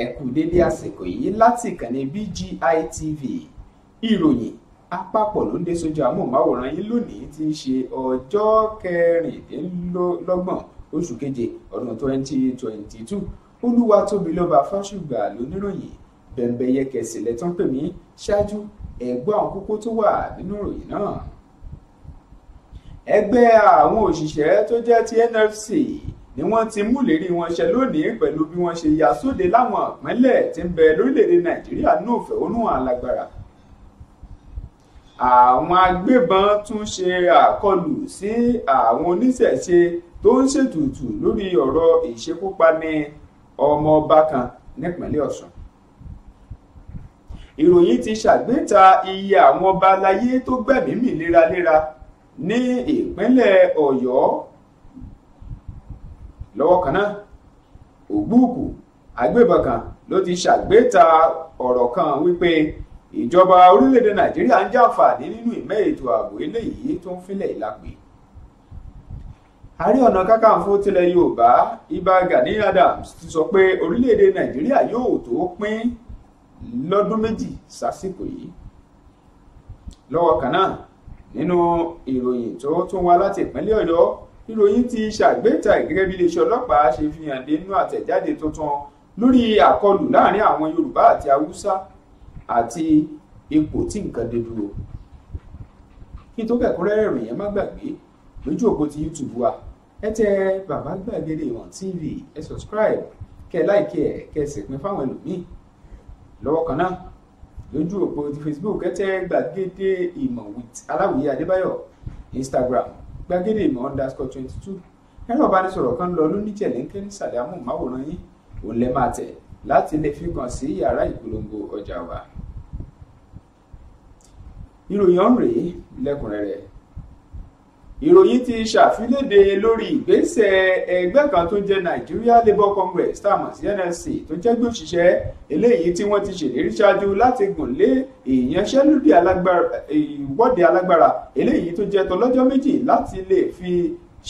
ẹ kú dédé àsìkò yìí láti ìkànnì BGI TV ìròyìn àpapọ̀ ló ń dé sójú amóhùnmáwòrán yín lónìí tí ń ṣe ọjọ́ kẹrìndínlọ́gbọ̀n oṣù keje ọdún 2022 olúwa tóbi lọ́ba fáṣùgbà lóníròyìn bẹ̀m̀bẹ̀ yẹkẹsì lẹ́tọ́ pè mí ṣáájú ẹ̀gbọ́n àwọn kókó tó wà nínú ìròyìn náà ẹgbẹ́ àwọn òṣìṣẹ́ tó jẹ́ ti NLC ni wọ́n ti múlérí wọn ṣe lónìí pẹ̀lú bí wọ́n ṣe ya sóde láwọn ìpínlẹ̀ tí ń bẹ lórílẹ̀‐èdè nàìjíríà náà fẹ̀hónúhàn alágbára. àwọn agbébọn tún ṣe àkọlù sí àwọn oníṣẹ̀ṣe tó ń ṣètùtù lórí ọ̀rọ̀ ìṣekúpani ọmọọba kan nípínlẹ̀ ọ̀ṣun. ìròyìn ti ṣàgbéta iye àwọn ọba aláyé tó gbẹ̀mí mì léraléra ní ìpínlẹ̀ ọ̀yọ́ lọ́wọ́ kan náà ògbúùkù agbébọn kan ló ti ṣàgbéta ọ̀rọ̀ kan wípé ìjọba orílẹ̀-èdè nàìjíríà ń jàǹfààní nínú ìmẹ́ ètò ààbò eléyìí tó ń fílẹ̀ ìlàpè ààrẹ ọ̀nà kákàǹfò tilẹ̀ yorùbá ibà gani adams ti sọ pé orílẹ̀-èdè nàìjíríà yóò tó pín lọ́dún méjì sásìkò yìí lọ́wọ́ kan náà nínú ìròyìn tó tún wá láti ìpínlẹ̀ ọ̀yọ́ ìròyìn ti ṣàgbéta gẹ́gẹ́ bí iléeṣẹ́ ọlọ́pàá ṣe fi hàn nínú àtẹ̀jáde tuntun lórí àkọlù láàrin àwọn Yorùbá àti Haúsá àti ipò tí nǹkan dé dúró kí tó kẹ́kọ̀ọ́rẹ́ ìròyìn ẹ má gbàgbé lójú òpó ti YouTube wa ẹ tẹ bàbá gbàgede ìwọ̀n TV ẹ subscribe kẹ láìkẹ ẹ kẹ sì pín fáwọn ẹlòmíì lọ́wọ́ kan náà lójú òpó ti Facebook ẹ tẹ gbàgede ìmọ̀ with Aláwìyé Adébáyọ̀ Instagram gbàgede ìmọ̀ underscore twenty two ẹ̀rọ ìbánisọ̀rọ̀ kan lọ lóníjẹ̀lẹ́ńkẹ́ nísàlẹ̀ amóhùnmáwòrán yín òun lẹ́ máa tẹ̀ láti lè fi kàn sí yàrá ìpolongo ọjà wa. ìròyìn ọ̀hún rèé lẹ́kùnrẹ́rẹ́ ìròyìn ti ṣàfiléde lórí ìgbésẹ̀ ẹgbẹ́ kan tó jẹ́ Nigeria Labour Congress tá a mọ̀ sí NLC tó jẹ́ gbé òṣìṣẹ́ eléyìí tí wọ́n ti ṣèlérí ṣáájú láti gùn lé ìyanṣẹ́lódì ìwọ́de alágbára eléyìí tó jẹ́ tọlọ́jọ́ méjì láti lè fi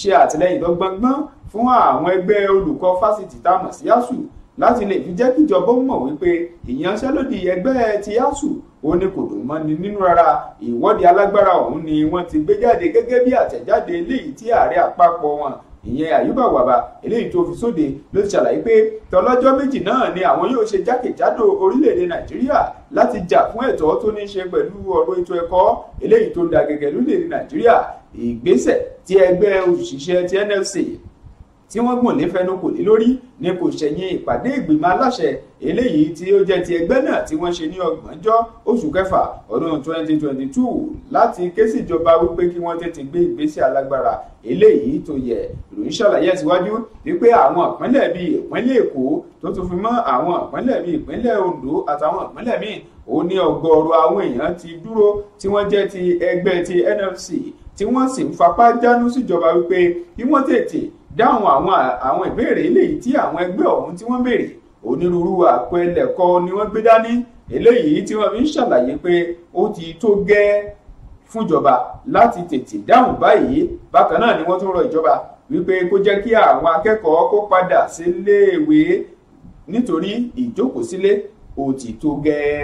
ṣe àtìlẹ́yìn lọ́gbọ̀ngbọ́n fún àwọn ẹgbẹ́ olùkọ́ fásitì tá a mọ̀ sí ASUU láti lè fi jẹ́ kíjọba mọ̀ wípé ìyanṣẹ́lódì ẹgbẹ́ ti ASUU ó ní kò dùn mọ́ni nínú rárá ìwọ́de alágbára ọ̀hún ni wọ́n ti gbé jáde gẹ́gẹ́ bí àtẹ̀jáde eléyìí tí ààrẹ àpapọ̀ wọn ìyẹn àyùbá wàbà eléyìí tó fi sóde ló ti ṣàlàyé pé tọlọ́jọ́ méjì náà ni àwọn yóò ṣe jákèjádò orílẹ̀-èdè nàìjíríà láti jà fún ẹ̀tọ́ tó ní í ṣe pẹ̀lú ọ̀rọ̀ ètò ẹ̀kọ́ eléyìí tó ń da gẹ́gẹ́ lórílẹ̀-èdè nàìjíríà ìgbésẹ̀ tí ẹgbẹ́ òṣìṣẹ́ ti nlc tí wọ́n gùn nífẹnukò lé lórí ni kò ṣẹ̀yìn ìpàdé ìgbìmọ̀ aláṣẹ eléyìí tí ó jẹ́ ti ẹgbẹ́ náà tí wọ́n ṣe ní ọgbọ̀njọ́ oṣù kẹfà ọdún 2022 láti ké síjọba wípé kí wọ́n tètè gbé ìgbésẹ̀ alágbára eléyìí tó yẹ ìròyìn ṣàlàyé síwájú wípé àwọn ìpínlẹ̀ bíi ìpínlẹ̀ èkó tó tún fi mọ́ àwọn ìpínlẹ̀ bíi ìpínlẹ̀ ondo àtàwọn ìpínlẹ̀ míì ó ní ọgọ́rùú àwọn èèyàn ti dúró tí wọ́n jẹ́ ti ẹgbẹ́ ti nfc tí wọ́n sì ń fapá jánu síjọba wípé kí wọ́n tètè dáhùn àwọn àwọn ìbéèrè eléyìí tí àwọn ẹgbẹ́ ọ̀hún tí wọ́n béèrè onírúurú àpẹẹlẹ̀kọ ni wọ́n gbé dání eléyìí tí wọ́n fi ń ṣàlàyé pé ó ti tó gẹ́ẹ́ fúnjọba láti tètè dáhùn báyìí bákan náà ni wọ́n tún rọ ìjọba wípé kó jẹ́ kí àwọn akẹ́kọ̀ọ́ kó padà síléèwé nítorí ìjókòó-sílé ó ti tó gẹ́ẹ́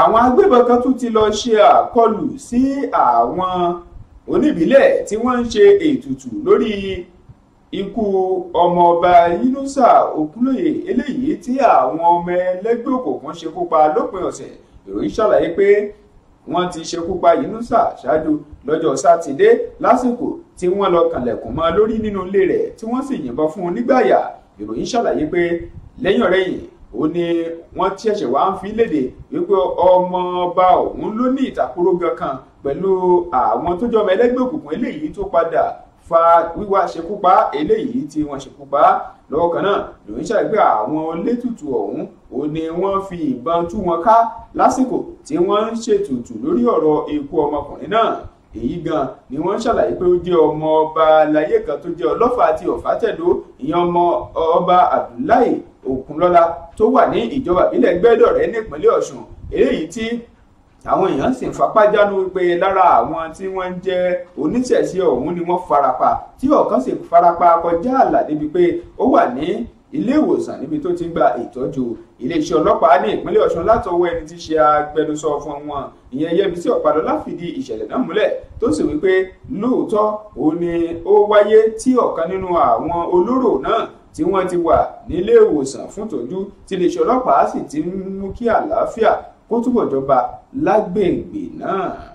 àwọn agbébọn kan tún ti lọ ṣe àkọlù sí àwọn oníbílẹ̀ tí wọ́n ń ṣe ètùtù lórí ikú ọmọọba Yínúsà Ògúnlóye eléyìí tí àwọn ọmọ ẹlẹ́gbẹ́ òkùnkùn ṣekú pa lópin ọ̀sẹ̀ ìròyìn ṣàlàyé pé wọ́n ti ṣekú pa Yínúsà ṣáájú lọ́jọ́ sátidé lásìkò tí wọ́n lọ kànlẹ̀kùn mọ́ lórí nínú ilé rẹ̀ tí wọ́n sì yìnbọn fún un nígbàyà ìròyìn ṣàlàyé pé lẹ́yìn ọ̀rẹ́yìn ó ní wọ́n ti ẹ̀ṣẹ̀ wá ń fi léde wípé ọmọ ọba òun ló ní ìtàkùrọ̀gàn kan pẹ̀lú àwọn tó jọmọ ẹlẹ́gbẹ́ òkùnkùn eléyìí tó padà fa wíwá ṣekúpa eléyìí tí wọ́n ṣekúpa lọ́wọ́ kan náà lòun ṣàgbé àwọn elétùtù ọ̀hún ó ní wọ́n fi ìbọn tú wọn ká lásìkò tí wọ́n ń ṣètùtù lórí ọ̀rọ̀ ikú ọmọkùnrin náà èyí gan ni wọ́n ṣàlàyé pé ó jẹ́ ọmọ ọba aláyé kan tó jẹ́ ọlọ́fà àti ọ̀fàtẹ̀dó ìyẹn ọmọ ọba abdullahi òkunlọ́lá tó wà ní ìjọba ìbílẹ̀ gbẹ́dọ̀rẹ́ nípínlẹ̀ ọ̀ṣun eléyìí tí àwọn èèyàn sì ń fapájánu wípé lára àwọn tí wọ́n ń jẹ́ oníṣẹ̀ṣe ọ̀hún ni wọ́n farapa tí ọ̀kan sì farapa kọjá àlà débi pé ó wà ní ilé ìwòsàn níbi tó ti ń gba ìtọ́jú iléeṣẹ́ ọlọ́pàá ní ìpínlẹ̀ Ọ̀ṣun látọwọ́ ẹni tí ṣe agbẹnusọ fún wọn ìyẹn Yẹmisí Ọ̀pádọlá fìdí ìṣẹ̀lẹ̀ náà múlẹ̀ tó sì wípé lóòótọ́ òun ó wáyé tí ọ̀kan nínú àwọn olóró náà tí wọ́n ti wà nílé ìwòsàn fún tọ́jú tí iléeṣẹ́ ọlọ́pàá sì ti ń mú kí àlàáfíà kó túbọ̀ jọba lágbègbè náà.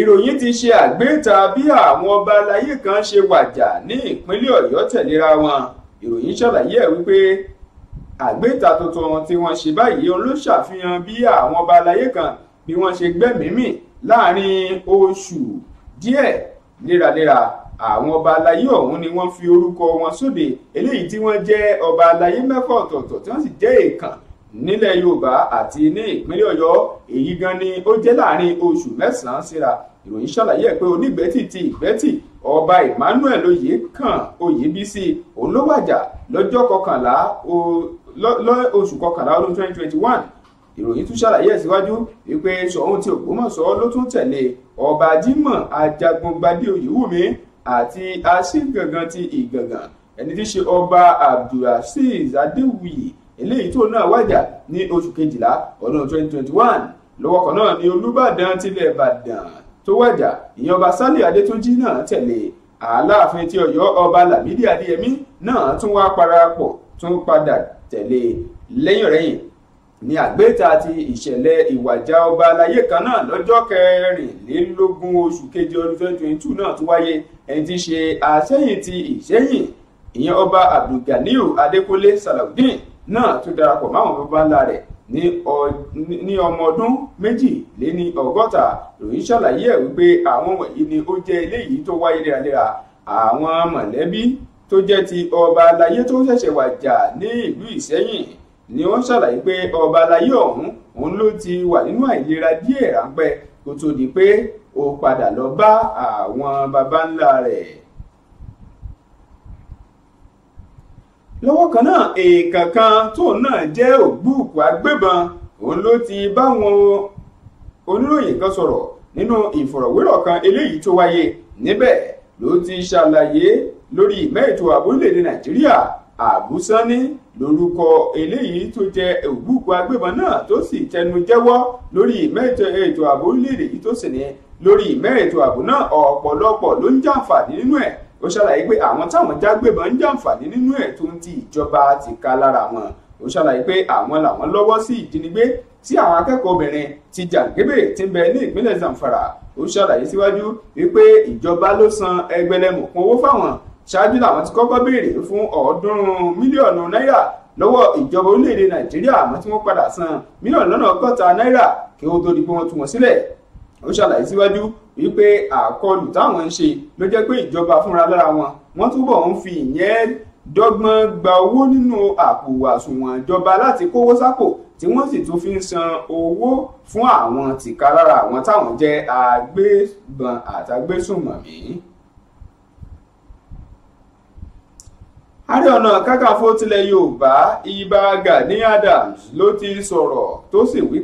ìròyìn ti ṣe àgbéta bí àwọn ọba aláyé kan ṣe wàjà ní ìpínlẹ̀ ọ̀yọ́ tẹ̀léra wọn ìròyìn ṣàlàyé ẹ̀ wípé àgbéta tuntun tí wọ́n ṣe báyìí ló ṣàfihàn bí àwọn ọba aláyé kan bí wọ́n ṣe gbẹ́mìí mì láàrin oṣù díẹ̀ léraléra àwọn ọba aláyé ọ̀hún ni wọ́n fi orúkọ wọn sóde eléyìí tí wọ́n jẹ́ ọba aláyé mẹ́fà ọ̀tọ̀ọ̀tọ̀ tí wọ́n sì jẹ́ èèkàn nílẹ̀ yorùbá àti ní ìpínlẹ̀ ọ̀yọ́ èyí gan ni ó jẹ́ láàrin oṣù mẹ́sàn-án síra ìròyìn ṣàlàyé ẹ̀ pé onígbẹ́tì ti ìgbẹ́tì ọba emmanuel oyèkàn oyèbísí òun ló wàjà lọ́jọ́ kọkànlá oṣù kọkànlá ọdún twenty twenty one ìròyìn tún ṣàlàyé ẹ̀ síwájú wípé ṣòun ti ògbómọ̀ṣọ́ ló tún tẹ̀lé ọba jímọ̀ ajagungbadé oyèwùmí àti aṣígangan ti ìgangan ẹni tí í ṣe ọba abdulrasheed adéwuyì eléyìí tó náà wájà ní oṣù kejìlá ọdún 2021, twenty one lọ́wọ́ kan náà ni olùbàdàn tilẹ̀ ìbàdàn tó wájà ìyẹn ọba sálẹ̀ adétúnjì náà tẹ̀lé aláàfin ti ọ̀yọ́ ọba lámìdí adéyẹmí náà tún wá parapọ̀ tún padà tẹ̀lé lẹ́yìn rẹ̀yìn ní àgbéta ti ìṣẹ̀lẹ̀ ìwàjà ọba aláyé kan náà lọ́jọ́ kẹrìnlélógún oṣù keje ọdún twenty twenty two náà tún wáyé ẹni tí ṣe àṣẹ̀yìn ti ìṣẹ̀yìn ìyẹn ọba abdulganiu adékúnlé salawudeen náà tó darapọ̀ máwọn bàbá ńlá rẹ̀ ní ọmọ ọdún méjìléní ọgọ́ta ròyìn ṣàlàyé ẹ̀ wípé àwọn wọ̀nyí ni ó jẹ́ eléyìí tó wáyé léraléra àwọn mọ̀lẹ́bí tó jẹ́ ti ọba alayé tó ṣẹ̀ṣẹ̀ wàjà ní ìlú Ìṣẹ́yìn ni wọ́n ṣàlàyé pé ọba alayé ọ̀hún òun ló ti wà nínú àìlera díẹ̀ ráńpẹ́ kó tó di pé ó padà lọ bá àwọn baba ńlá rẹ̀ lọ́wọ́ kan náà èèkàn kan tóun náà jẹ́ ògbúùkù agbébọn òun ló ti báwọn oníròyìn kan sọ̀rọ̀ nínú ìfọ̀rọ̀wérọ̀ kan eléyìí tó wáyé níbẹ̀ ló ti ṣàlàyé lórí mẹ́ẹ̀tò ààbò orílẹ̀-èdè nàìjíríà àbúsánni lórúkọ eléyìí tó jẹ́ ògbúùkù agbébọn náà tó sì tẹnu jẹ́wọ́ lórí mẹ́ẹ̀tò ètò ààbò èdè yìí tó sì ní lórí mẹ́ẹ̀tò ààbò náà ọ̀pọ̀lọpọ̀ ló ń jàǹfààní nínú ẹ̀ ó ṣàlàyé pé àwọn táwọn jágbébọn ń jàǹfààní nínú ẹ̀ tó ń ti ìjọba ti ká lára wọn ó ṣàlàyé pé àwọn làwọn lọ́wọ́ sí ìjínigbé tí àwọn akẹ́kọ̀ọ́ obìnrin ti jàǹgébè ti ń bẹ ní ìpínlẹ̀ Zamfara ó ṣàlàyé síwájú wípé ìjọba ló san ẹgbẹ̀lẹ́mùkún owó fáwọn ṣáájú làwọn ti kọ́kọ́ béèrè fún ọ̀ọ́dúnrún mílíọ̀nù náírà lọ́wọ́ ìjọba orílẹ̀-èdè Nàìjíríà àmọ́ tí wọ́n padà san mílíọ̀nù lọ́nà ọgọ́ta náírà kí ó tó di pé wọ́n tú wọn sílẹ̀ ó ṣàlàyé síwájú wípé àkọlù táwọn ń ṣe ló jẹ́ pé ìjọba fúnra lára wọn wọ́n túbọ̀ ń fi ìyẹn dọ́gbọ́n gba owó nínú àpò àsùnwọ̀n ìjọba láti kówó sápò tí wọ́n sì tún fi ń san owó fún àwọn tìka lára àwọn táwọn jẹ́ agbébọn àtàgbésùnmọ̀mí. ààrẹ ọ̀nà kákàfó tilẹ̀ yorùbá ibà Gani Adams ló ti sọ̀rọ̀ tó sì wí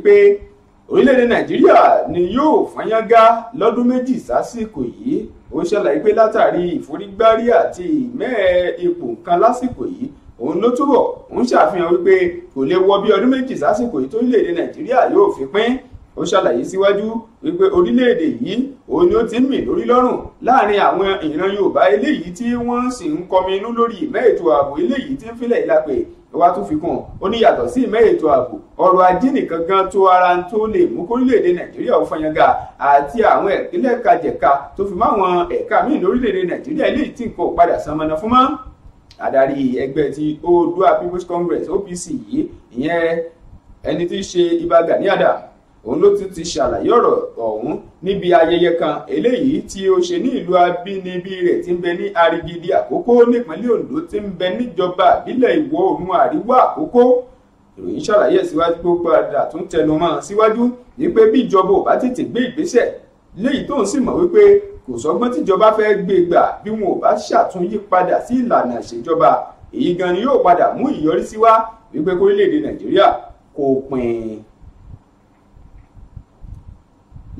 orílẹ̀-èdè nàìjíríà ni yóò fọ́nyángá lọ́dún méjì sásìkò yìí ó ṣàlàyé pé látàrí ìforígbárí àti ìmẹ́ẹ̀ ipò kan lásìkò yìí òun ló túbọ̀ ń ṣàfihàn wípé kò lè wọ bí ọdún méjì sásìkò yìí tórílẹ̀-èdè nàìjíríà yóò fi pín ó ṣàlàyé síwájú wípé orílẹ̀-èdè yìí òun ni ó ti ń mì lórí lọ́rùn láàrin àwọn ìran yorùbá eléyìí tí wọ́n sì ń kọminú lórí ìmẹ́ ètò ààbò eléyìí tí ń filẹ̀ ìlàpẹ̀ wá tún fi kún ó ní yàtọ̀ sí ìmẹ́ ètò ààbò ọrọ̀ ajé nìkan gan tó ara ń tó lè mú kórílẹ̀-èdè nàìjíríà ó fọyánga àti àwọn ẹ̀kílẹ̀ kajẹ̀ka tó fi máwọn ẹ̀ka míì lórílẹ̀-èdè nàìjíríà eléyìí tí nǹkan ò padà sanmọ́nà fún mọ́ adarí ẹgbẹ́ ti Oòduà People's Congress OPC yìí ìyẹn ẹni tí í ṣe Ìbà Gani Adams òun ló tún ti ṣàlàyé ọ̀rọ̀ ọ̀hún níbi ayẹyẹ kan eléyìí tí ó ṣe ní ìlú abínibí rẹ̀ tí ń bẹ ní arigidi àkókò nípínlẹ̀ Ondo tí ń bẹ níjọba àbílẹ̀ ìwọ̀ oòrùn àríwá àkókò ìròyìn ṣàlàyé síwájú tó padà tún tẹnu mọ́ síwájú wípé bí ìjọba ò bá tètè gbé ìgbésẹ̀ léyìí tóun sì mọ̀ wípé kò sọ́gbọ́n tíjọba fẹ́ gbé gbà bí wọn ò bá ṣàtúnyí padà sí ìlànà ìṣèjọba èyí gan ni yóò padà mú ìyọrísí wá wípé kórílẹ̀ Nàìjíríà kò pín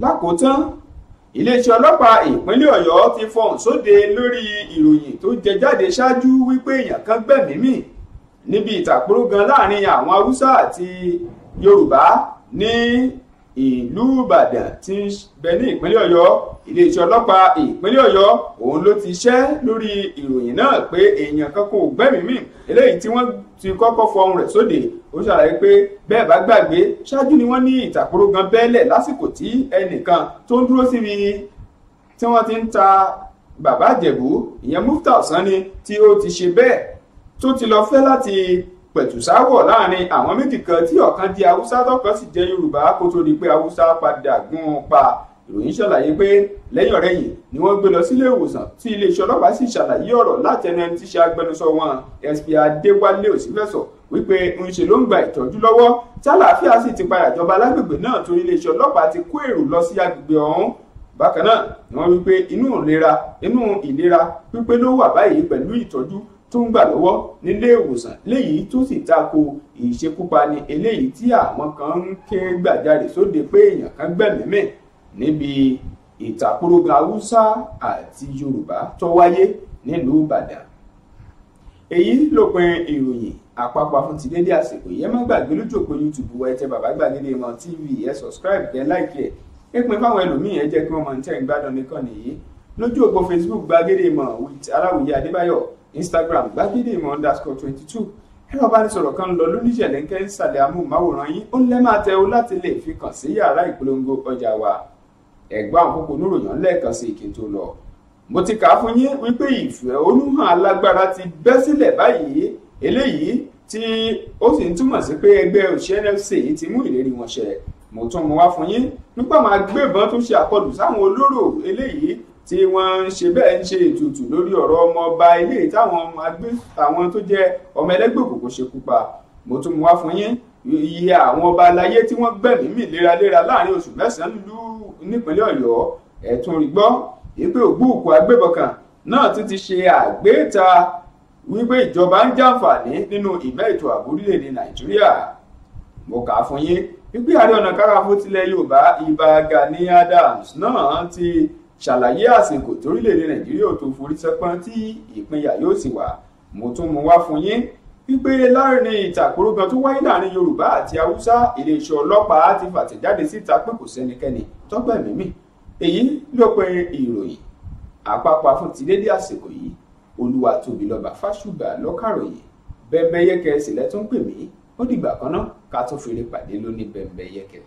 lákòótán iléeṣẹ́ ọlọ́pàá ìpínlẹ̀ ọ̀yọ́ ti fọhùn sóde lórí ìròyìn tó jẹ jáde ṣáájú wípé èèyàn kan gbẹ̀mí mì níbi ìtàkùrú gan láàrin àwọn haúsá àti yorùbá ní ìlú ìbàdàn tí ń bẹ ní ìpínlẹ̀ ọ̀yọ́ iléeṣẹ́ ọlọ́pàá ìpínlẹ̀ ọ̀yọ́ òun ló ti ṣẹ́ lórí ìròyìn náà pé èèyàn kan kò gbẹ́mìí-mì eléyìí tí wọ́n ti kọ́kọ́ fọhùn rẹ̀ sóde ó ṣàlàyé pé bẹ́ẹ̀ bá gbàgbé ṣáájú ni wọ́n ní ìtàkùrọ̀ gan bẹ́ẹ̀lẹ̀ lásìkò tí ẹnìkan tó ń dúró síbi tí wọ́n ti ń ta bàbá àjẹ̀bú ìyẹn Mufta Sani tí ó ti ṣe bẹ́ẹ̀ tó ti lọ fẹ́ láti pẹ̀tùsáwọ̀ láàrin àwọn méjì kan tí ọ̀kan di haúsá tọ́kan sì jẹ́ yorùbá kó tó di pé haúsá padà gún un pa ìròyìn ṣàlàyé pé lẹ́yìn ọ̀rẹ́yìn ni wọ́n gbé lọ sílé ìwòsàn tí iléeṣẹ́ ọlọ́pàá sì ṣàlàyé ọ̀rọ̀ láti ẹnu ẹni tí ṣe agbẹnusọ wọn sp adéwálé òsínfẹ̀sọ wípé ń ṣe ló ń gba ìtọ́jú lọ́wọ́ tí àlàáfíà sì ti padà jọba lágbègbè náà torí iléeṣẹ́ ọlọ́pàá ti kó èrò lọ sí agbègbè ọ̀hún bákan náà ni wọ́n wípé inú ìlera inú ìlera pípé ló wà báyìí pẹ̀lú ìtọ́jú tó ń gbà lọ́wọ́ nílé ìwòsàn léyìí tó sì tako ìṣekúpani eléyìí tí àwọn kan ń ké gbàjarè sóde pé èèyàn kan gbẹ̀mímì níbi ìtàkùrọ̀gà haúsá àti yorùbá tó wáyé nílùú ìbàdàn èyí lópin ìròyìn àpapọ̀ fún ti dédé àsìkò yẹn má gbàgbé lójú òpó youtube wa ẹ tẹ bàbá gbàgede ìmọ̀ tv ẹ subscribe kẹ́ like ẹ̀ ẹ pin fáwọn ẹlòmíì ẹ jẹ́ kí wọ́n mọ̀ níta ìgbádùn nìkan nìyí lójú òpó facebook gbàgede ìmọ̀ with aláwòye adébáyọ̀ instagram gbàgede ìmọ̀ underscore twenty two ẹ̀rọ ìbánisọ̀rọ̀ kan lọ lóníṣẹ̀lẹ̀ ń kẹ́ ń sàlẹ̀ amóhùnmáwòrán yín ó lẹ́ máa tẹ o láti lè fi kàn sí yàrá ìpolongo ọjà wa ẹ̀gbọ́n àwọn kókó oníròyìn lẹ́ẹ̀kan sí kí n tó lọ. mo ti kà á fún yín wípé ìfẹ̀hónúhàn alágbára ti bẹ́ sílẹ̀ báyìí eléyìí tí ó sì ń túmọ̀ sí pé ẹgbẹ́ òṣìṣẹ́ nfc yìí ti mú ìlérí wọn ṣẹ mo tún mú wá fún yín nípa àwọn agbébọn tó ṣe àkọlù sáwọn olóró eléyìí tí wọ́n ń ṣe bẹ́ẹ̀ ń ṣe ètùtù lórí ọ̀rọ̀ ọmọ ọba ilé táwọn agbé táwọn tó jẹ́ ọmọ ẹlẹ́gbẹ́ òkùnkùn ṣekú pa mo tún mú wá fún yín iye àwọn ọba aláyé tí wọ́n gbẹ̀mí mì léraléra láàrin oṣù mẹ́sàn-án lù nípínlẹ̀ ọ̀yọ́ ẹ̀tún rí gbọ́ wípé ògbúùkù agbébọn kan náà tún ti ṣe àgbéta wípé ìjọba ń jàǹfààní nínú ìmẹ́ ètò ààbò orílẹ̀-èdè nàìjíríà mo kà á fún yín wípé ààrẹ ọ̀nà káráfó tilẹ̀ yorùbá ibà Gani Adams náà ti ṣàlàyé àsìkò torílẹ̀-èdè nàìjíríà ò tó forí sẹ́pọ́n tí ìpínyà yóò sì wà mo tún mú wá fún yín wípé láàrin ìtàkùrú kan tó wáyé láàrin yorùbá àti haúsá iléeṣẹ́ ọlọ́pàá ti fàtẹ̀jáde síta pé kò sẹ́nikẹ́ni tọ́gbẹ̀mí mì èyí ló pe ìròyìn àpapọ̀ afúntìlédè àsìkò yìí olúwa tóbi lọ́ba fásùgbà lọ́kàròyìn bẹ́ẹ̀ bẹ́ẹ̀ yẹ́kẹ́ sílẹ̀ tó ń pè mí ó dìgbà kan náà ká tún fèrè pàdé lóní bẹ́ẹ̀ bẹ́ẹ̀ yẹ́kẹ́.